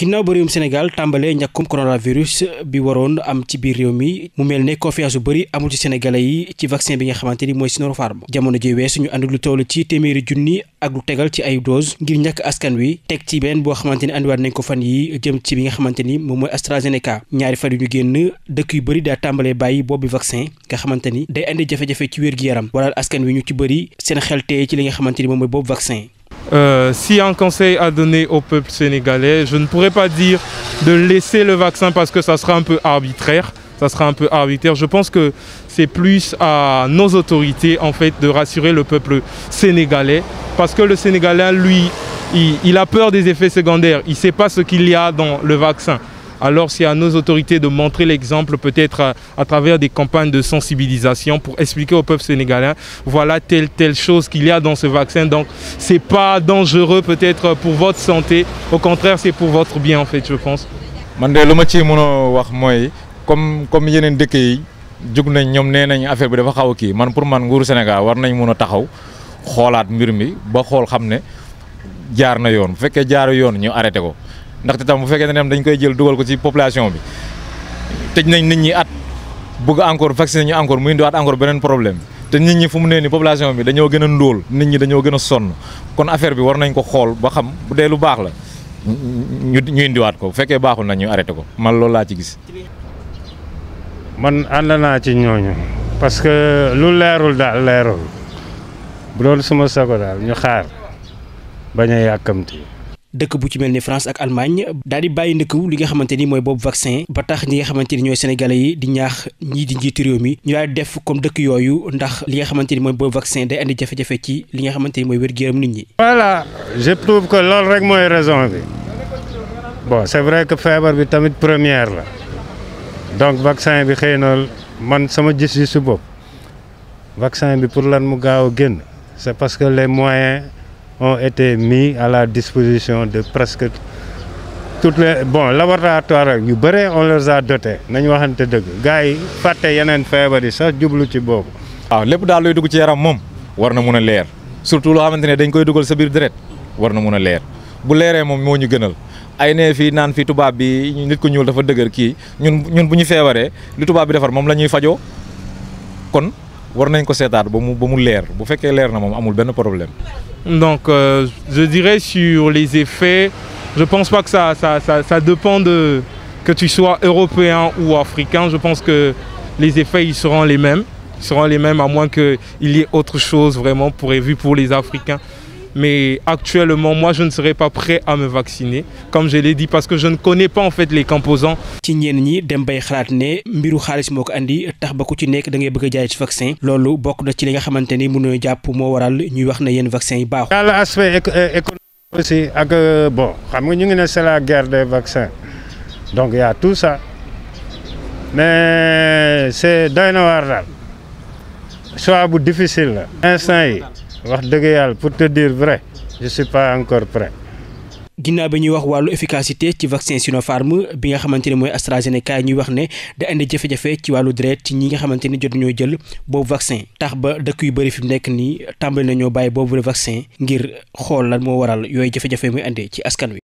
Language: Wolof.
ginnaaw ba réewum Sénégal tàmbalee ñàkkum coronavirus bi waroon am ci biir réew mi mu mel ne confiance bu bëri amul ci sénégalais yi ci vaccin bi nga xamante ni mooy Sinopharm jamono ji weesu ñu ànd lu tool ci téeméeri junni ak lu tegal ci ay dose ngir ñàkk askan wi teg ci benn boo xamante ni andiwaat nañ ko fan yi jëm ci bi nga xamante ni moom mooy AstraZeneca ñaari fan yu ñu génn dëkk yu bëri daa tàmbalee bàyyi boobu vaccin nga xamante ni day andi jafe ci wér-gi-yaram waral askan wi ñu ci bëri seen xel ci li nga xamante ni moom mooy boobu vaccin Euh, si un conseil à donner au peuple sénégalais, je ne pourrais pas dire de laisser le vaccin parce que ça sera un peu arbitraire. Ça sera un peu arbitraire. Je pense que c'est plus à nos autorités en fait de rassurer le peuple sénégalais parce que le Sénégalais, lui, il, il a peur des effets secondaires. Il ne sait pas ce qu'il y a dans le vaccin. Alors c'est à nos autorités de montrer l'exemple peut-être à, à, travers des campagnes de sensibilisation pour expliquer au peuple sénégalais, voilà telle, telle chose qu'il y a dans ce vaccin. Donc c'est pas dangereux peut-être pour votre santé. Au contraire, c'est pour votre bien en fait, je pense. man de lu ma ci mën a wax mooy comme comme yeneen dëkk yi jug nañ ñoom nee nañu affaire bi dafa xaw a kii man pour man nguuru Sénégal war nañ mën a taxaw xoolaat mbir mi ba xool xam ne jaar na yoon bu fekkee jaaru yoon ñu arrêté ko. ndaxte tam bu fekkee ne dañ koy jël dugal ko ci population bi tëj nañ nit ñi at bëgg encore vacciner ñu encore muy indiwaat encore beneen problème te nit ñi fu mu nee ni population bi dañoo gën a ndóol nit ñi dañoo gën a sonn kon affaire bi war nañ ko xool ba xam bu dee lu baax la ñu ñu indiwaat ko bu fekkee baaxul nañu ñu ko man loolu laa ci gis. man ànd naa ci ñooñu parce que lu leerul daal leerul bu doon suma sago daal ñu xaar bañ yàkkamti dëkk bu ci mel ni France ak Allemagne daal di bàyyi ndëkkaw li nga xamante ni mooy boobu vaccin ba tax ñi nga xamante ni ñooy sénégalais yi di ñaax ñi di njiitu réew mi ñu daal def comme dëkk yooyu ndax li nga xamante ni mooy boobu vaccin day andi jafe-jafe ci li nga xamante ni mooy wér-gu-yaram nit ñi. voilà je trouve que loolu rek mooy raison bi bon c'est vrai que feebar bi tamit première la donc vaccin bi xëy na man sama gis-gisu bopp vaccin bi pour lan mu gaaw a génn c'est parce que les ont été mis à la disposition de presque toutes les bon laboratoire yu bëree on les a doté nañu waxante dëgg gars yi fàtte yeneen feebar yi sax jublu ci boobu. waaw lépp daal luy dugg ci yaram moom war na mun a leer surtout loo xamante ne dañ koy dugal sa biir deret war na mun a leer bu leeree moom moo ñu gënal. ay nee fii naan fii tubaab bi nit ko ñuul dafa dëgër kii ñun bu ñu feebaree li tubaab bi defar moom la ñuy fajoo kon war nañ ko seetaat ba mu ba mu leer bu fekkee leer na moom amul benn problème Donc, euh, je dirais sur les effets, je ne pense pas que ça, ça, ça, ça, dépend de que tu sois européen ou africain. Je pense que les effets, ils seront les mêmes. Ils seront les mêmes à moins qu'il y ait autre chose vraiment prévue pour, pour les Africains. Mais actuellement, moi, je ne serai pas prêt à me vacciner, comme je l'ai dit, parce que je ne connais pas en fait les composants. ci ñenn ñi dem bay xalaat ne mbiru xaalis moo ko indi tax ba ku ci nekk da ngay bëgg a jaay ci vaccin loolu bokk na ci li nga xamante ni mën nooy jàpp moo waral ñuy wax na yenn vaccin yi baaxul. dans l'aspect euh, économique ak euh, bon xam nga ñu ngi ne c'est la guerre des vaccins donc y a tout ça mais c'est doy daal choix bu difficile la. instant wax dëgg yàlla pour te dire vrai je suis pas encore prêt. ginnaaw bi ñuy wax wàllu efficacité ci vaccin Sinopharm bi nga xamante ne mooy AstraZeneca ñuy wax ne da indi jafe-jafe ci wàllu deret ci ñi nga xamante ni jot ñoo jël boobu vaccin tax ba dëkk yu bëri fi mu nekk nii tàmbali nañoo bàyyi boobu vaccin ngir xool lan moo waral yooyu jafe-jafe muy indi ci askan wi.